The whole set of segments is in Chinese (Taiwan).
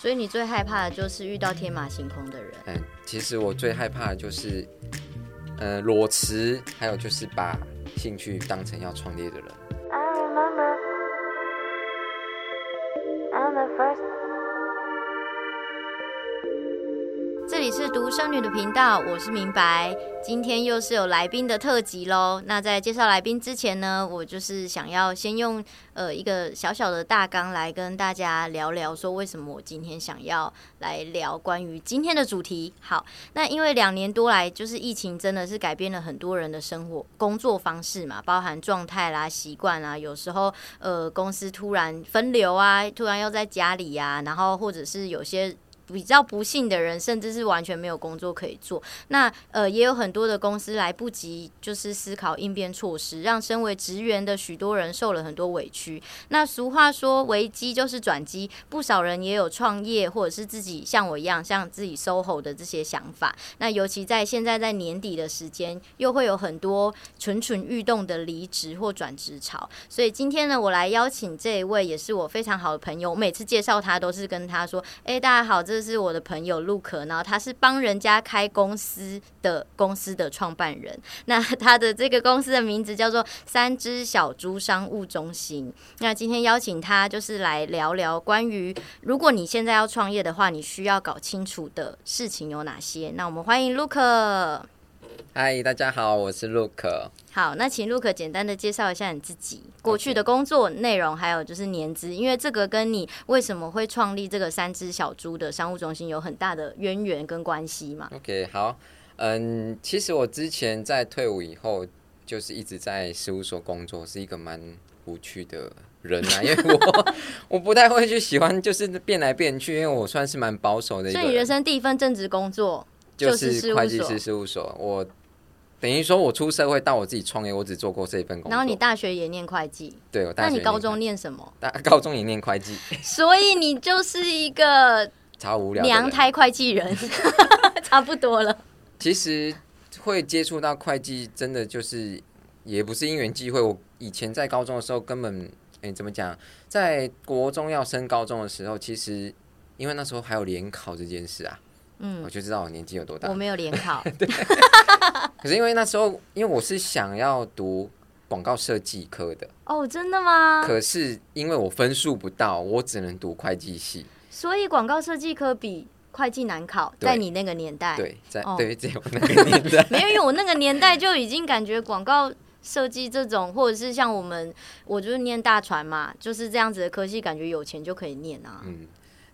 所以你最害怕的就是遇到天馬行空的人。嗯，其實我最害怕的就是，呃，裸辭，還有就是把興趣當成要創業的人。獨生女的頻道，我是明白。今天又是有來賓的特輯嘍。那在介紹來賓之前呢，我就是想要先用呃一個小小的大綱來跟大家聊聊，說，為什麼我今天想要來聊關於今天的主題。好，那因為兩年多來，就是疫情真的是改變了很多人的生活、工作方式嘛，包含狀態啦、習慣啦。有時候呃，公司突然分流啊，突然又在家裡呀、啊，然後或者是有些。比較不幸的人，甚至是完全沒有工作可以做。那呃，也有很多的公司來不及，就是思考應變措施，讓身為職員的許多人受了很多委屈。那俗話說，危機就是轉機，不少人也有創業，或者是自己像我一樣，像自己 SOHO 的這些想法。那尤其在現在在年底的時間，又會有很多蠢蠢欲動的離職或轉職潮。所以今天呢，我來邀請這一位，也是我非常好的朋友。我每次介紹他，都是跟他說：“哎、欸，大家好，這。”就是我的朋友 Luke，然後他是幫人家開公司的公司的創辦人。那他的這個公司的名字叫做三隻小豬商務中心。那今天邀請他就是來聊聊關於如果你現在要創業的話，你需要搞清楚的事情有哪些。那我們歡迎 Luke。嗨，Hi, 大家好，我是 Luke。好，那請 Luke 簡單的介紹一下你自己 Okay. 過去的工作內容，還有就是年資，因為這個跟你為什麼會創立這個三隻小豬的商務中心有很大的淵源跟關係嘛。OK，好，嗯，其實我之前在退伍以後，就是一直在事務所工作，是一個蠻無趣的人啊，因為我 我不太會去喜歡，就是變來變去，因為我算是蠻保守的人。所以你人生第一份正職工作就是，就是會計師事務所，我。等於說，我出社會到我自己創業，我只做過這一份工作。然後你大學也念會計，對，那你高中念什麼？高高中也念會計， 所以你就是一個超無聊娘胎會計人， 差不多了。其實會接觸到會計，真的就是也不是因緣際會。我以前在高中的時候，根本哎、欸、怎麼講？在國中要升高中的時候，其實因為那時候還有聯考這件事啊，嗯，我就知道我年紀有多大。我沒有聯考。 對 可是因為那時候，因為我是想要讀廣告設計科的哦，真的嗎？可是因為我分數不到，我只能讀會計系。所以廣告設計科比會計難考，對在你那個年代，對，在、哦、對，在我那個年代， 沒有因為我那個年代就已經感覺廣告設計這種，或者是像我們，我就是念大傳嘛，就是這樣子的科系，感覺有錢就可以念啊。嗯，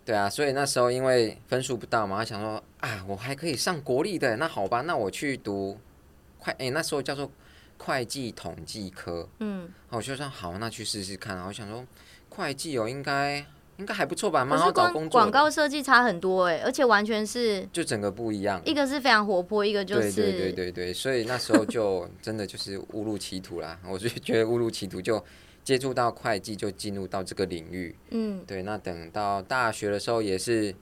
對啊，所以那時候因為分數不到嘛，他想說啊，我還可以上國立的，那好吧，那我去讀。哎、欸，那時候叫做會計統計科，嗯，我就說好，那去試試看。我想說會計哦，應該應該還不錯吧，蠻好找工作。廣告設計差很多哎、欸，而且完全是就整個不一樣，一個是非常活潑，一個就是對對對對對，所以那時候就真的就是誤入歧途啦。 我就覺得誤入歧途，就接觸到會計，就進入到這個領域，嗯，對。那等到大學的時候也是。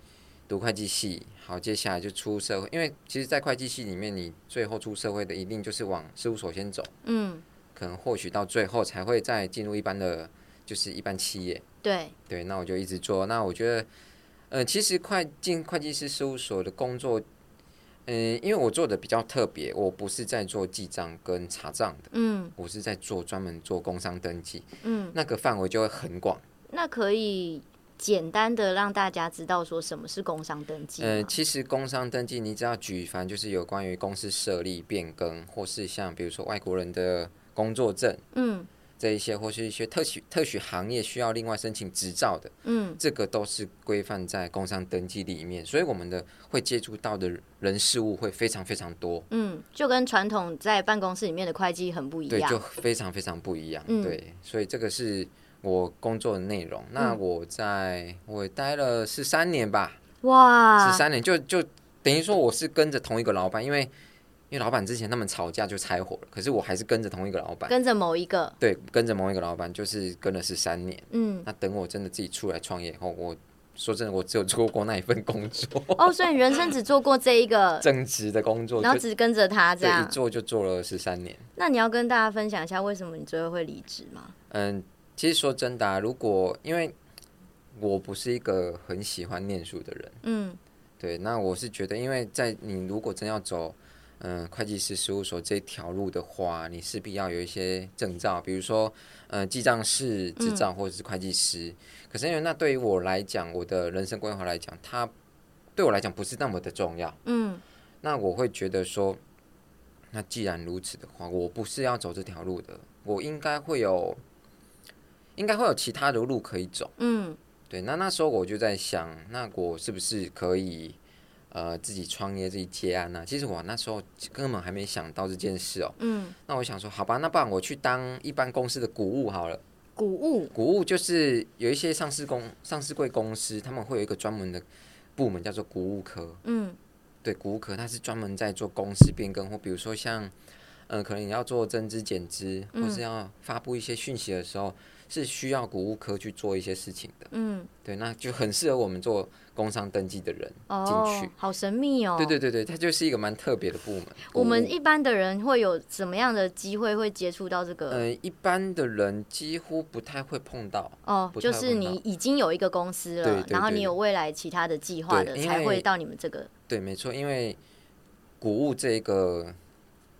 讀會計系，好，接下來就出社會，因為其實，在會計系裡面，你最後出社會的一定就是往事務所先走，嗯，可能或許到最後才會再進入一般的就是一般企業，對，對，那我就一直做。那我覺得，呃，其實會進會計師事務所的工作，嗯、呃，因為我做的比較特別，我不是在做記賬跟查賬的，嗯，我是在做專門做工商登記，嗯，那個範圍就會很廣，那可以。簡單的讓大家知道說什麼是工商登記。嗯、呃，其實工商登記，你只要舉凡，就是有關於公司設立、變更，或是像比如說外國人的工作證，嗯，這一些，或是一些特許、特許行業需要另外申請執照的，嗯，這個都是規範在工商登記裡面。所以，我們的會接觸到的人事物會非常非常多。嗯，就跟傳統在辦公室裡面的會計很不一樣，對，就非常非常不一樣。嗯、對，所以這個是，我工作的內容，那我在、嗯、我待了十三年吧，哇，十三年就就等於說我是跟着同一個老闆，因為因為老闆之前他們吵架就拆夥了，可是我還是跟着同一個老闆，跟着某一個，對，跟着某一個老闆，就是跟了十三年，嗯，那等我真的自己出來創業以後，我說真的，我只有做過，過那一份工作，哦，所以你人生只做過這一個 正職的工作，然後只跟着他這樣，一做就做了十三年。那你要跟大家分享一下為什麼你最後會離職嗎？嗯。其實說真的，啊，如果因為我不是一個很喜歡念書的人，嗯，對，那我是覺得，因為在你如果真要走，嗯，呃，會計師事務所這條路的話，你勢必要有一些證照，比如說，呃，記帳士執照或者是會計師。嗯，可是因為那對於我來講，我的人生規劃來講，它對我來講不是那麼的重要，嗯，那我會覺得說，那既然如此的話，我不是要走這條路的，我應該會有。應該會有其他的路可以走，嗯，對。那那時候我就在想，那我是不是可以，呃，自己創業自己接案呢？其實我那時候根本還沒想到這件事哦，嗯。那我想說，好吧，那不然我去當一般公司的股務好了。股務，股務就是有一些上市公、上市櫃公司，他們會有一個專門的部門叫做股務科，嗯，對，股務科它是專門在做公司變更或比如說像。嗯、呃，可能你要做增資減資，或是要發布一些訊息的時候，嗯、是需要股務科去做一些事情的。嗯，對，那就很適合我們做工商登記的人進去。哦。好神秘哦！對對對對，它就是一個蠻特別的部門。我們一般的人會有什麼樣的機會會接觸到這個？嗯、呃，一般的人幾乎不太會碰到。哦，就是你已經有一個公司了，對對對，然後你有未來其他的計劃的，才會到你們這個。對，沒錯，因為股務這一個。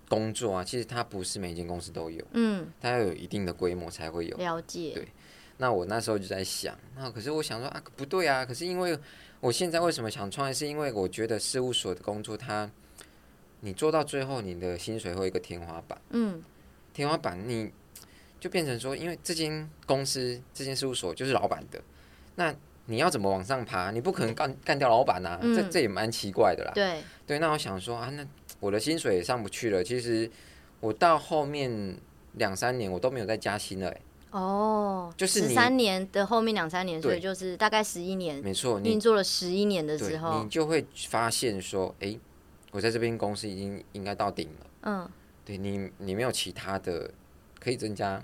工作啊，其實它不是每間公司都有，嗯，它要有一定的規模才會有。了解。對，那我那時候就在想，那可是我想說啊，不對啊，可是因為我現在為什麼想創業？是因為我覺得事務所的工作它，它你做到最後，你的薪水會有一個天花板，嗯，天花板，你就變成說，因為這間公司、這間事務所就是老板的，那你要怎麼往上爬？你不可能幹幹掉老板吶、啊嗯，這這也蠻奇怪的啦。對，對，那我想說啊，那。我的薪水也上不去了。其實我到後面兩三年，我都沒有再加薪了，欸。哦，就是十三年的後面兩三年，對所以就是大概十一年，沒錯，你做了十一年的時候，你就會發現說，哎，欸，我在這邊公司已經應該到頂了。嗯，對你，你沒有其他的可以增加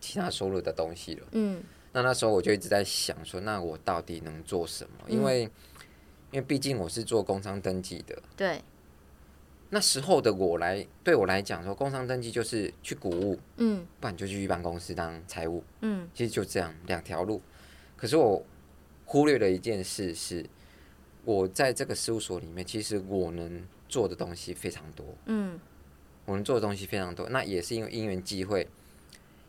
其他收入的東西了。嗯，那那時候我就一直在想說，那我到底能做什麼？因為，嗯，因為畢竟我是做工商登記的。對。那時候的我來，對我來講說，工商登記就是去股務。嗯，不然就去一般公司當財務，嗯，其實就這樣兩條路。可是我忽略了一件事是，是我在這個事務所裡面，其實我能做的東西非常多，嗯，我能做的東西非常多。那也是因為因緣機會，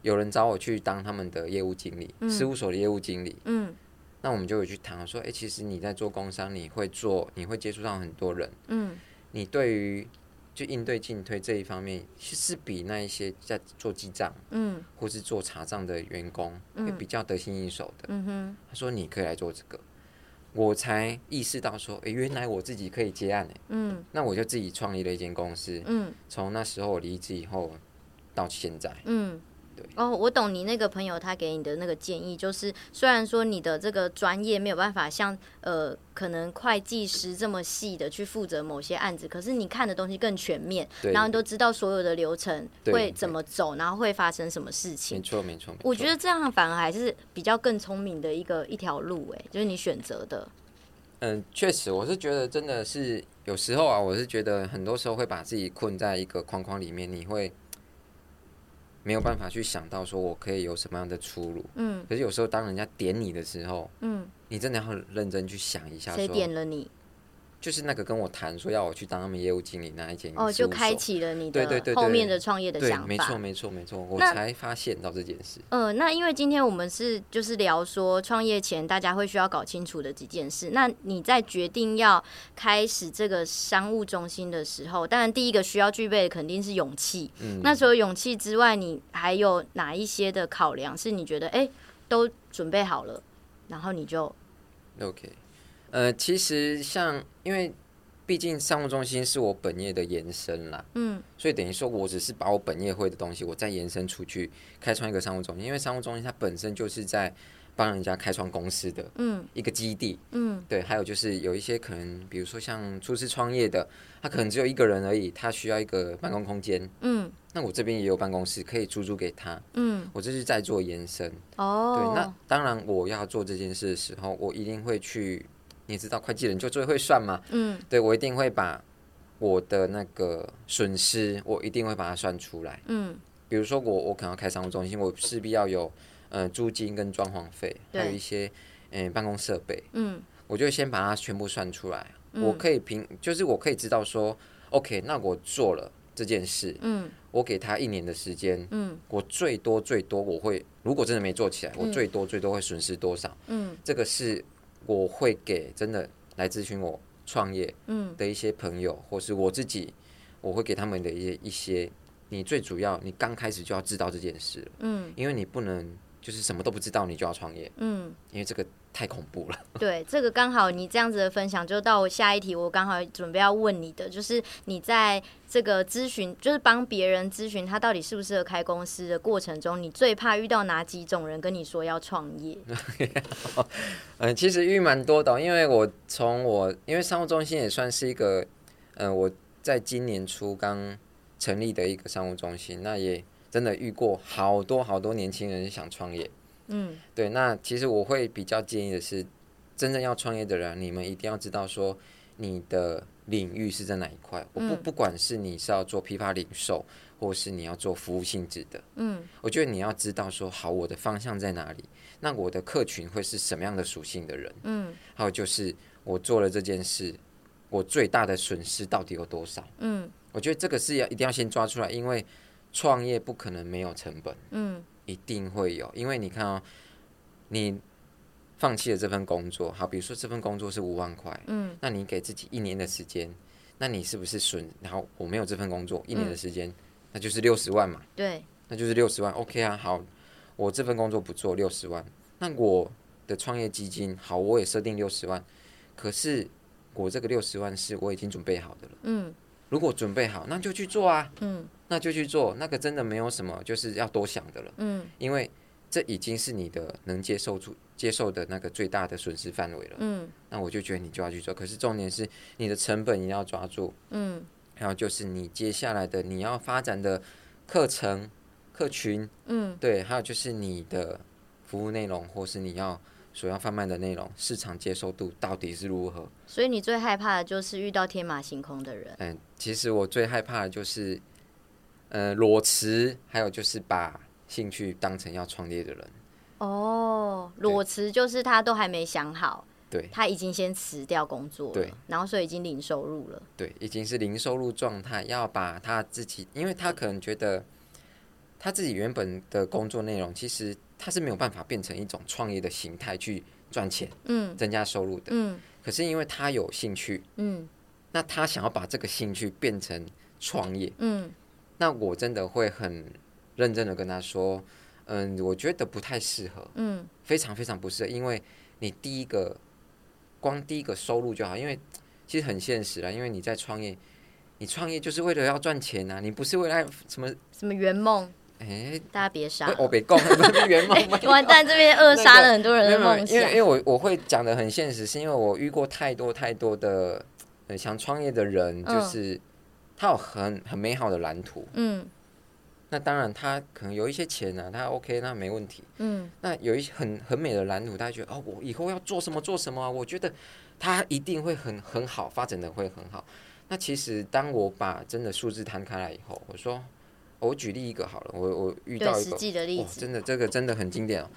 有人找我去當他們的業務經理，嗯、事務所的業務經理，嗯，那我們就有去談說，哎、欸，其實你在做工商，你會做，你會接觸到很多人，嗯。你對於就應對進退這一方面，其實是比那一些在做記賬，嗯，或是做查賬的員工，會比較得心應手的。他說你可以來做這個，我才意識到說，哎，原來我自己可以接案的、欸、那我就自己創立了一間公司，從那時候我離職以後到現在，哦，對 oh, 我懂你那個朋友他給你的那個建議，就是雖然說你的這個專業沒有辦法像呃可能會計師這麼細的去負責某些案子，可是你看的東西更全面，對然後你都知道所有的流程會怎麼走，對然後會發生什麼事情。沒錯，沒錯。我覺得這樣反而還是比較更聰明的一個一條路，欸，哎，就是你選擇的。嗯，確實，我是覺得真的是有時候啊，我是覺得很多時候會把自己困在一個框框裡面，你會。沒有辦法去想到說我可以有什麼樣的出路，嗯，可是有時候當人家點你的時候，嗯，你真的要很認真去想一下，說誰點了你。就是那個跟我談說要我去當他們業務經理那一間。哦，就開啟了你的後面的創業的想法。對，沒錯，沒錯，沒錯那，我才發現到這件事。嗯、呃，那因為今天我們是就是聊說，創業前大家會需要搞清楚的幾件事。那你在決定要開始這個商務中心的時候，當然第一個需要具備的肯定是勇氣。嗯，那除了勇氣之外，你還有哪一些的考量？是你覺得哎、欸，都準備好了，然後你就，OK。呃，其實像因為畢竟商務中心是我本業的延伸啦，嗯，所以等於說我只是把我本業會的東西，我再延伸出去，開創一個商務中心。因為商務中心它本身就是在幫人家開創公司的，嗯，一個基地，嗯，對。還有就是有一些可能，比如說像初次創業的，他可能只有一個人而已，嗯，他需要一個辦公空間，嗯，那我這邊也有辦公室可以出租給他，嗯，我這是在做延伸。哦，對，那當然我要做這件事的時候，我一定會去。你知道會計人就最會算嗎？嗯，對，我一定會把我的那個損失，我一定會把它算出來。嗯，比如說我我可能要開商務中心，我勢必要有呃租金跟裝潢費，還有一些嗯、呃、辦公設備。嗯，我就先把它全部算出來。嗯、我可以憑，就是我可以知道說，OK，那我做了這件事，嗯，我給他一年的時間，嗯，我最多最多我會，如果真的沒做起來，我最多最多會損失多少。嗯，這個是。我會給真的來諮詢我創業的一些朋友，或是我自己，我會給他們的一些一些。你最主要，你剛開始就要知道這件事，嗯，因為你不能。就是什麼都不知道，你就要創業？嗯，因為這個太恐怖了。對，這個剛好你這樣子的分享，就到我下一題。我剛好準備要問你的，就是你在這個諮詢，就是幫別人諮詢他到底適不適合開公司的過程中，你最怕遇到哪幾種人跟你說要創業？ 嗯，其實遇蠻多的，因為我從我因為商務中心也算是一個，嗯、呃，我在今年初剛成立的一個商務中心，那也。真的遇過好多好多年輕人想創業，嗯，對，那其實我會比較建議的是，真正要創業的人，你們一定要知道說你的領域是在哪一塊，嗯，我不不管是你是要做批發零售，或是你要做服務性質的，嗯，我覺得你要知道說好，我的方向在哪裡，那我的客群會是什麼樣的屬性的人，嗯，還有就是我做了這件事，我最大的損失到底有多少，嗯，我覺得這個是要一定要先抓出來，因為。創業不可能沒有成本，嗯，一定會有，因為你看哦、喔，你放棄了這份工作，好，比如說這份工作是五萬塊，嗯，那你給自己一年的時間，那你是不是損？然後我沒有這份工作，一年的時間，嗯、那就是六十萬嘛，對，那就是六十萬，OK 啊，好，我這份工作不做，六十萬，那我的創業基金，好，我也設定六十萬，可是我這個六十萬是我已經準備好的了，嗯，如果準備好，那就去做啊，嗯。那就去做，那個真的沒有什麼，就是要多想的了。嗯，因為這已經是你的能接受、主接受的那個最大的損失範圍了。嗯，那我就覺得你就要去做。可是重點是你的成本一定要抓住。嗯，還有就是你接下來的你要發展的課程、客群，嗯，對，還有就是你的服務內容，或是你要所要販賣的內容，市場接受度到底是如何？所以你最害怕的就是遇到天馬行空的人。嗯、欸，其實我最害怕的就是。呃、嗯，裸辭，還有就是把興趣當成要創業的人。哦，裸辭就是他都還沒想好。對。他已經先辭掉工作了。對。然後所以已經零收入了。對，已經是零收入狀態。要把他自己，因為他可能覺得他自己原本的工作內容，其實他是沒有辦法變成一種創業的形態去賺錢，嗯，增加收入的，嗯，可是因為他有興趣，嗯，那他想要把這個興趣變成創業，嗯。那我真的會很認真的跟他說，嗯，我覺得不太適合，嗯，非常非常不適合，因為你第一個光第一個收入就好，因為其實很現實啦，因為你在創業，你創業就是為了要賺錢吶、啊，你不是為了什麼什麼圓夢，哎、欸，大家別殺，我別共圓夢，完蛋，這邊扼殺了很多人的夢想，因為 因為我我會講的很現實，是因為我遇過太多太多的想創業的人，就是。嗯他有很很美好的藍圖，嗯，那當然他可能有一些錢呢、啊，他 OK，那沒問題，嗯，那有一些很很美的藍圖，他覺得哦，我以後要做什麼做什麼、啊，我覺得他一定會很很好發展的會很好。那其實當我把真的數字攤開來以後，我說、哦，我舉例一個好了，我我遇到一個哦，實際的例子，哦、真的這個真的很經典哦。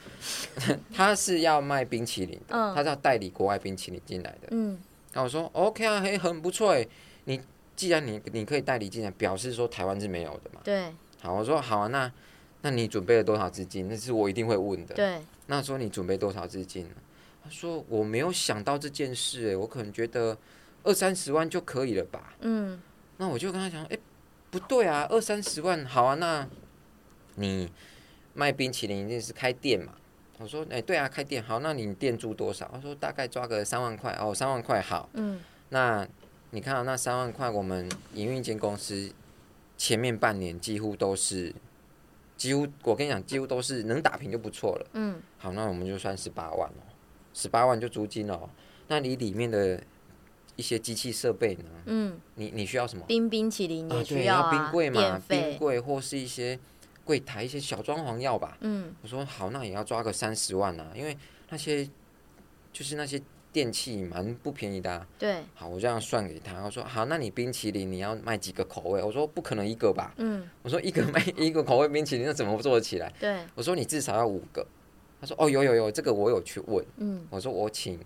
他 是要賣冰淇淋的，他是要代理國外冰淇淋進來的，嗯，那、嗯啊、我說 OK 啊，嘿、欸，很不錯哎、欸，你。既然你你可以代理進來，表示說台灣是沒有的嘛？對。好，我說好啊，那那你準備了多少資金？那是我一定會問的。對。那說你準備多少資金？他說我沒有想到這件事、欸，哎，我可能覺得二三十萬就可以了吧。嗯。那我就跟他講，哎、欸，不對啊，二三十萬好啊，那你賣冰淇淋一定是開店嘛？我說，哎、欸，對啊，開店好，那你店租多少？他說大概抓個三萬塊哦，三萬塊好。嗯。那。你看啊，那三萬塊，我們營運間公司前面半年幾乎都是，幾乎我跟你講，幾乎都是能打平就不錯了。嗯，好，那我們就算十八萬哦，十八萬就租金哦。那你裡，裡面的一些機器設備呢？嗯，你你需要什麼？冰冰淇淋啊，啊對，啊，冰櫃嘛，費冰櫃或是一些櫃檯一些小裝潢要吧。嗯，我說好，那也要抓個三十萬啊，因為那些就是那些。電器蠻不便宜的，對，好，我這樣算給他。我說好，那你冰淇淋你要賣幾個口味？我說不可能一個吧，嗯，我說一個賣一個口味冰淇淋，那怎麼做得起來？對，我說你至少要五個。他說哦，有有有，這個我有去問。嗯，我說我請，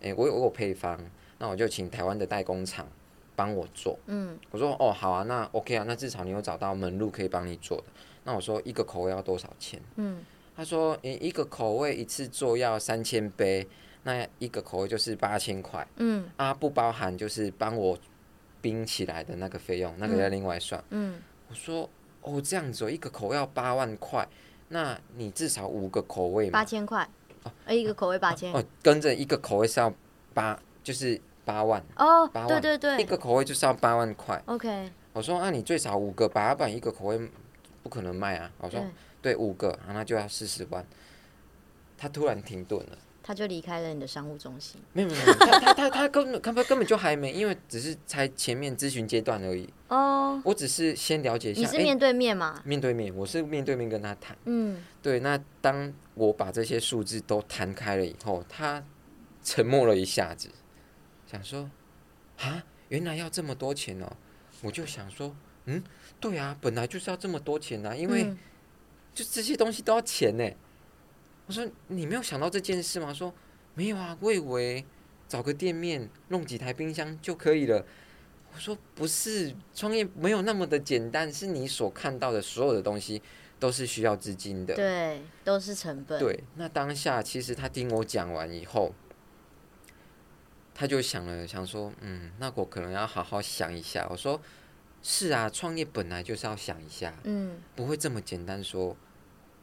哎，我我有配方，那我就請台灣的代工廠幫我做，嗯，我說哦，好啊，那 OK 啊，那至少你有找到門路可以幫你做的。那我說一個口味要多少錢？嗯，他說一一個口味一次做要三千杯。那一個口味就是八千塊，嗯，啊，不包含就是幫我冰起來的那個費用，那個要另外算，嗯，我說哦，這樣子哦，一個口味要八萬塊，那你至少五個口味嘛，八千塊，哦，一個口味八千，哦，跟着一個口味是要八，就是八萬，哦，八萬，對對對，一個口味就是要八萬塊，OK，我說啊，你最少五個八萬一個口味不可能賣啊，我說對，五個，那就要四十萬，他突然停頓了。他就離開了你的商務中心。沒有沒有他他他，他根本根本就還沒，因為只是才前面諮詢階段而已。哦，oh, 我只是先了解一下。你是面對面嗎？欸，面對面，我是面對面跟他談。嗯，對。那當我把這些數字都談開了以後，他沉默了一下子，想說：“啊，原來要這麼多錢哦、喔。”我就想說：“嗯，對啊，本來就是要這麼多錢呢、啊、因為就這些東西都要錢呢、欸。”我說，你沒有想到這件事嗎？我說，沒有啊，我以為找個店面弄幾台冰箱就可以了。我說不是，創業沒有那麼的簡單，是你所看到的所有的東西都是需要資金的。對，都是成本。對，那當下其實他聽我講完以後，他就想了想說，嗯，那我可能要好好想一下。我說是啊，創業本來就是要想一下，嗯，不會這麼簡單說。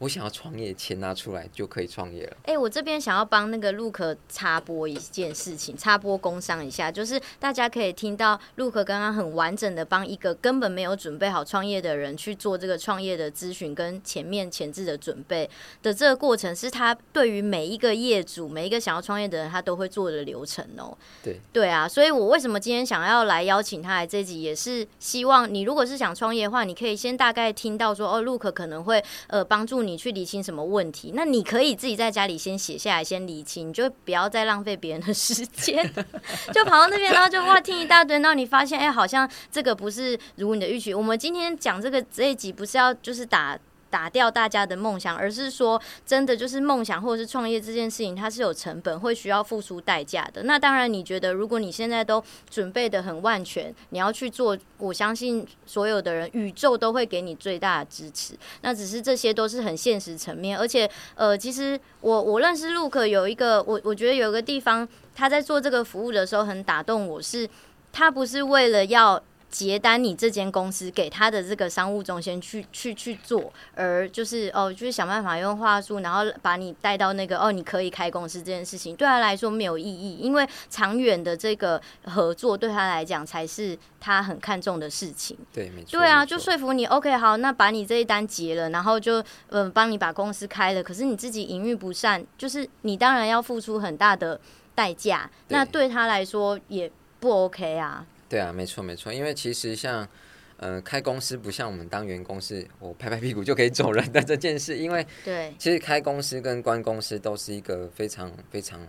我想要創業，錢拿出來就可以創業了。哎，我這邊想要幫那個 Luke 插播一件事情，插播工商一下，就是大家可以聽到 Luke 剛剛很完整的幫一個根本沒有準備好創業的人去做這個創業的諮詢跟前面前置的準備的這個過程，是他對於每一個業主、每一個想要創業的人，他都會做的流程哦、喔。對，對啊，所以我為什麼今天想要來邀請他來這集，也是希望你如果是想創業的話，你可以先大概聽到說哦，Luke 可能會呃幫助你。你去理清什麼問題？那你可以自己在家裡先寫下來，先理清，你就不要再浪費別人的時間， 就跑到那邊，然後就哇聽一大堆，然後你發現哎、欸，好像這個不是如你的預期。我們今天講這個這一集，不是要就是打。打掉大家的夢想，而是說真的就是夢想或者是創業這件事情，它是有成本，會需要付出代價的。那當然，你覺得如果你現在都準備得很萬全，你要去做，我相信所有的人宇宙都會給你最大的支持。那只是這些都是很現實層面，而且呃，其實我我認識路克有一個，我我覺得有一個地方他在做這個服務的時候很打動我是，是他不是為了要。接單，你這間公司給他的這個商務中心去去去做，而就是哦，就是想辦法用話術，然後把你帶到那個哦，你可以開公司這件事情，對他來說沒有意義，因為長遠的這個合作對他來講才是他很看重的事情。對，沒錯。對啊，就說服你，OK，好，那把你這一單結了，然後就嗯，幫你把公司開了。可是你自己營運不善，就是你當然要付出很大的代價。對，那對他來說也不 OK 啊。對啊，沒錯沒錯，因為其實像，呃，開公司不像我們當員工，是我拍拍屁股就可以走人的這件事，因為對，其實開公司跟關公司都是一個非常非常，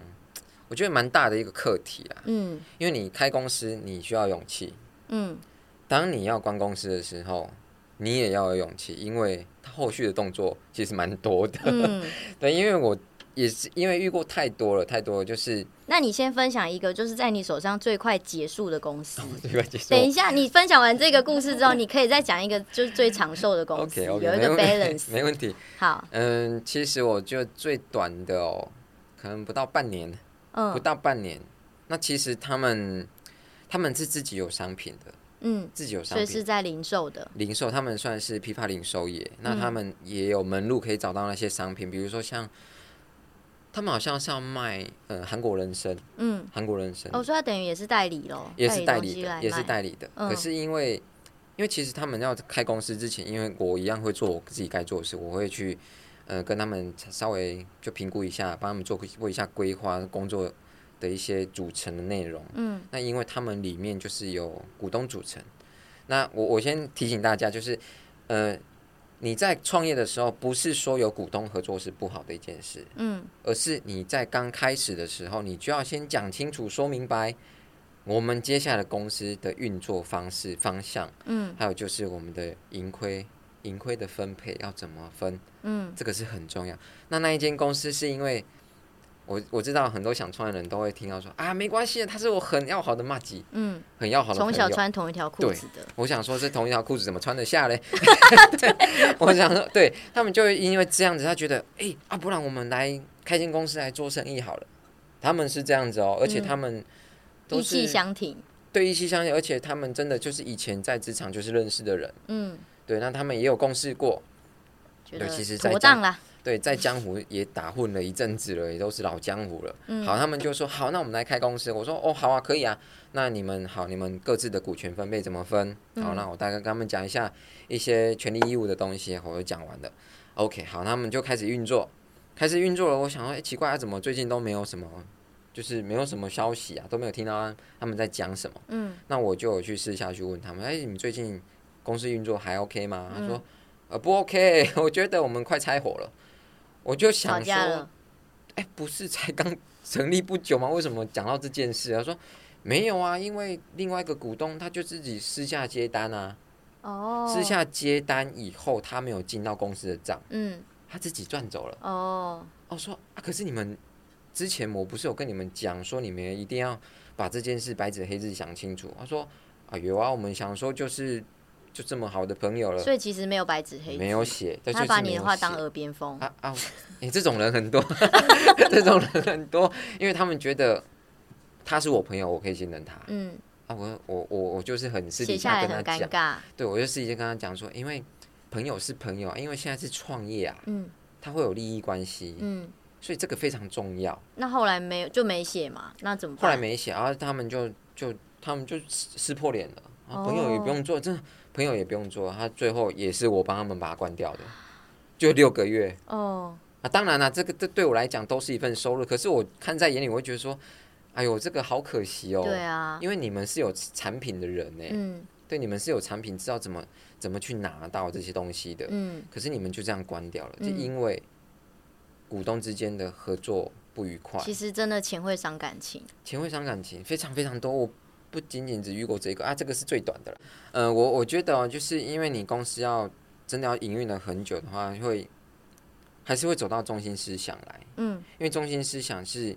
我覺得蠻大的一個課題啊。嗯，因為你開公司你需要勇氣。嗯，當你要關公司的時候，你也要有勇氣，因為他後續的動作其實蠻多的。對，因為我。也是因為遇過太多了，太多了，就是。那你先分享一個，就是在你手上最快結束的公司。哦、等一下，你分享完這個故事之後， 你可以再講一個就是最長壽的公司。Okay, okay, 有一個 balance，沒問題，沒問題。好，嗯，其實我就最短的哦，可能不到半年，嗯，不到半年。那其實他們他們是自己有商品的，嗯，自己有商品所以是在零售的，零售他們算是批發零售業。嗯、那他們也有門路可以找到那些商品，比如說像。他們好像是要賣，呃，韓國人參，嗯，韓國人參。我說、哦、他等於也是代理嘍，也是代理的，也是代理的。嗯、可是因為，因為其實他們要開公司之前，因為我一樣會做我自己該做的事，我會去，呃，跟他們稍微就評估一下，幫他們做做一下規劃工作的一些組成的內容。嗯，那因為他們裡面就是有股東組成，那我我先提醒大家就是，呃。你在創業的時候，不是說有股東合作是不好的一件事，嗯，而是你在剛開始的時候，你就要先講清楚、說明白，我們接下來的公司的運作方式、方向，嗯，還有就是我們的盈虧、盈虧的分配要怎麼分，嗯，這個是很重要。那那一間公司是因為。我我知道很多想穿的人都會聽到說啊，沒關係，他是我很要好的麻吉，嗯，很要好的，從小穿同一條褲子的。我想說，是同一條褲子怎麼穿得下嘞？ 我想說，對他們就因為這樣子，他覺得哎、欸、啊，不然我們來開心公司來做生意好了。他們是這樣子哦、喔，而且他們都是、嗯、相挺，對義氣相挺，而且他們真的就是以前在職場就是認識的人，嗯，對，那他們也有共事過，覺得尤其是在這。對，在江湖也打混了一陣子了，也都是老江湖了。好，他們就說好，那我們來開公司。我說哦，好啊，可以啊。那你們好，你們各自的股權分配怎麼分？好，那我大概跟他們講一下一些權利義務的東西。我就講完了。OK，好，他們就開始運作，開始運作了。我想說：‘哎、欸，奇怪，啊，怎麼最近都沒有什麼，就是沒有什麼消息啊，都沒有聽到，啊，他們在講什麼。嗯，那我就有去私下去問他們，哎、欸，你們最近公司運作還 OK 嗎？他說，呃，不 OK，我覺得我們快拆夥了。我就想說，哎、欸，不是才剛成立不久嗎？為什麼講到這件事？他說，沒有啊，因為另外一個股東，他就自己私下接單啊。哦。Oh. 私下接單以後，他沒有進到公司的賬。嗯。Oh. 他自己賺走了。哦。Oh. 我說啊，可是你們之前我不是有跟你們講說，你們一定要把這件事白紙黑字想清楚。他說啊，有、哎、啊，我們想說就是。就這麼好的朋友了，所以其實沒有白紙黑字，沒有寫，他把你的話當耳邊風。啊啊，你這種人很多，這種人很多，因為他們覺得他是我朋友，我可以信任他。嗯，啊，我我我我就是很私底下跟他講，對，我就私底下跟他講說，因為朋友是朋友，因為現在是創業啊，嗯，他會有利益關係，嗯，所以這個非常重要。那後來沒有就沒寫嘛？那怎麼辦？後來沒寫？然後他們就就他們就撕撕破臉了，啊，朋友也不用做朋友也不用做，他最後也是我幫他們把它關掉的，就六個月哦。Oh. 啊，當然了，啊，這個這對我來講都是一份收入，可是我看在眼裡，我會覺得說，哎呦，這個好可惜哦。對啊，因為你們是有產品的人呢，欸。嗯，對，你們是有產品，知道怎麼怎麼去拿到這些東西的。嗯，可是你們就這樣關掉了，就因為股東之間的合作不愉快。其實真的錢會傷感情，錢會傷感情，非常非常多。我。不僅僅只遇過這個啊，這個是最短的了。嗯、呃，我我覺得就是因為你公司要真的要營運了很久的話，會還是會走到中心思想來。嗯，因為中心思想是，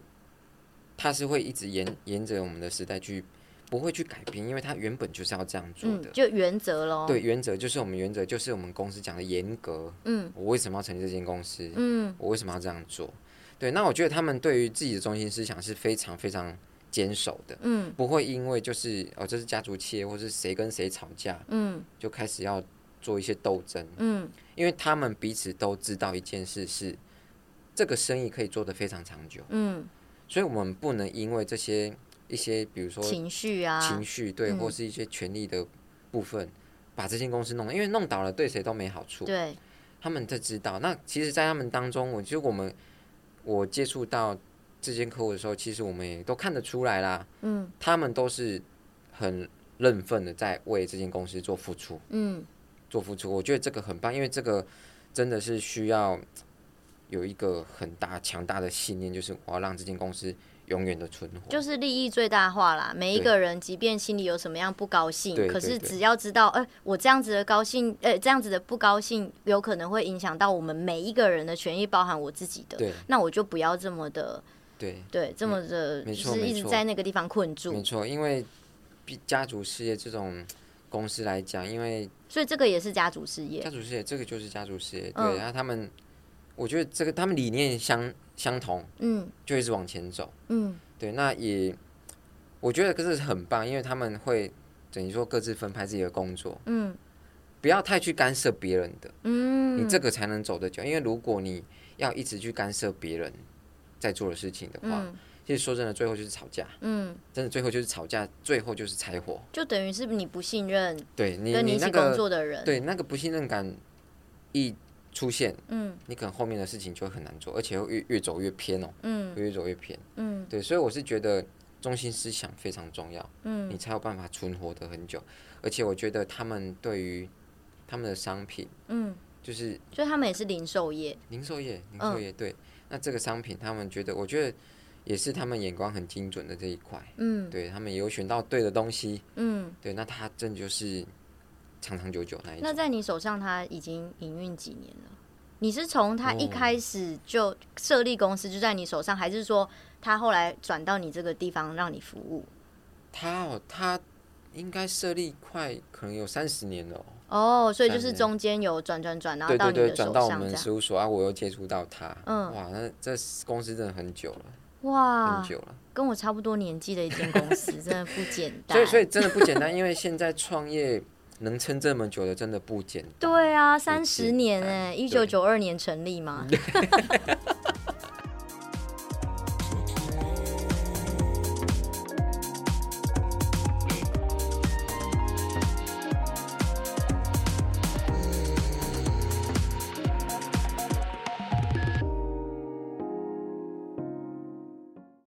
它是會一直沿沿着我們的時代去，不會去改變，因為它原本就是要這樣做的。嗯、就原則嘍。對，原則就是我們原則，就是我們公司講的嚴格。嗯，我為什麼要成立這間公司？嗯，我為什麼要這樣做？對，那我覺得他們對於自己的中心思想是非常非常。堅守的，嗯，不會因為就是哦，這、就是家族企業，或是誰跟誰吵架，嗯，就開始要做一些鬥爭，嗯，因為他們彼此都知道一件事是這個生意可以做得非常長久，嗯，所以我們不能因為這些一些比如說情緒啊，情緒對，或是一些權力的部分、嗯、把這間公司弄，因為弄倒了對誰都沒好處，對，他們都知道。那其實，在他們當中，我其實我們我接觸到。這間客戶的時候，其實我們也都看得出來啦。嗯，他們都是很認份的在為這間公司做付出。嗯，做付出，我覺得這個很棒，因為這個真的是需要有一個很大強大的信念，就是我要讓這間公司永遠的存活。就是利益最大化啦。每一個人，即便心裡有什麼樣不高興，對可是只要知道，哎，我這樣子的高興，哎，這樣子的不高興，有可能會影響到我們每一個人的權益，包含我自己的。對，那我就不要這麼的。對對，這麼的，沒錯，一直在那個地方困住。嗯、沒錯，因為家族事業這種公司來講，因為所以這個也是家族事業。家族事業這個就是家族事業，嗯、對。然後他們，我覺得這個他們理念相相同，嗯，就一直往前走，嗯，對。那也我覺得可是很棒，因為他們會等於說各自分派自己的工作，嗯，不要太去干涉別人的，嗯，你這個才能走得久。因為如果你要一直去干涉別人，在做的事情的話，其實說真的，最後就是吵架。嗯，真的最後就是吵架，最後就是拆夥。就等於是你不信任對你那個工作的人，對那個不信任感一出現，嗯，你可能後面的事情就會很難做，而且會越越走越偏哦。嗯，會越走越偏。嗯，對，所以我是覺得中心思想非常重要。嗯，你才有辦法存活得很久。而且我覺得他們對於他們的商品，嗯，就是所以他們也是零售業，零售業，零售業對。那這個商品，他們覺得，我覺得也是他們眼光很精準的這一塊。嗯，對，他們也有選到對的東西。嗯，對，那他真的就是長長久久的那一種。那在你手上，他已經營運幾年了？你是從他一開始就設立公司，就在你手上，哦、還是說他後來轉到你這個地方讓你服務？他哦，他應該設立快可能有三十年了。哦。哦，所以就是中間有轉轉轉，然後到你的手上這樣，對對對，轉到我們事務所啊，我又接觸到他。嗯，哇，那這公司真的很久了。哇，很久了，跟我差不多年紀的一間公司， 真的不簡單。所以，所以真的不簡單， 因為現在創業能撐這麼久的，真的不簡單。對啊，三十年哎、欸，一九九二年成立嘛。對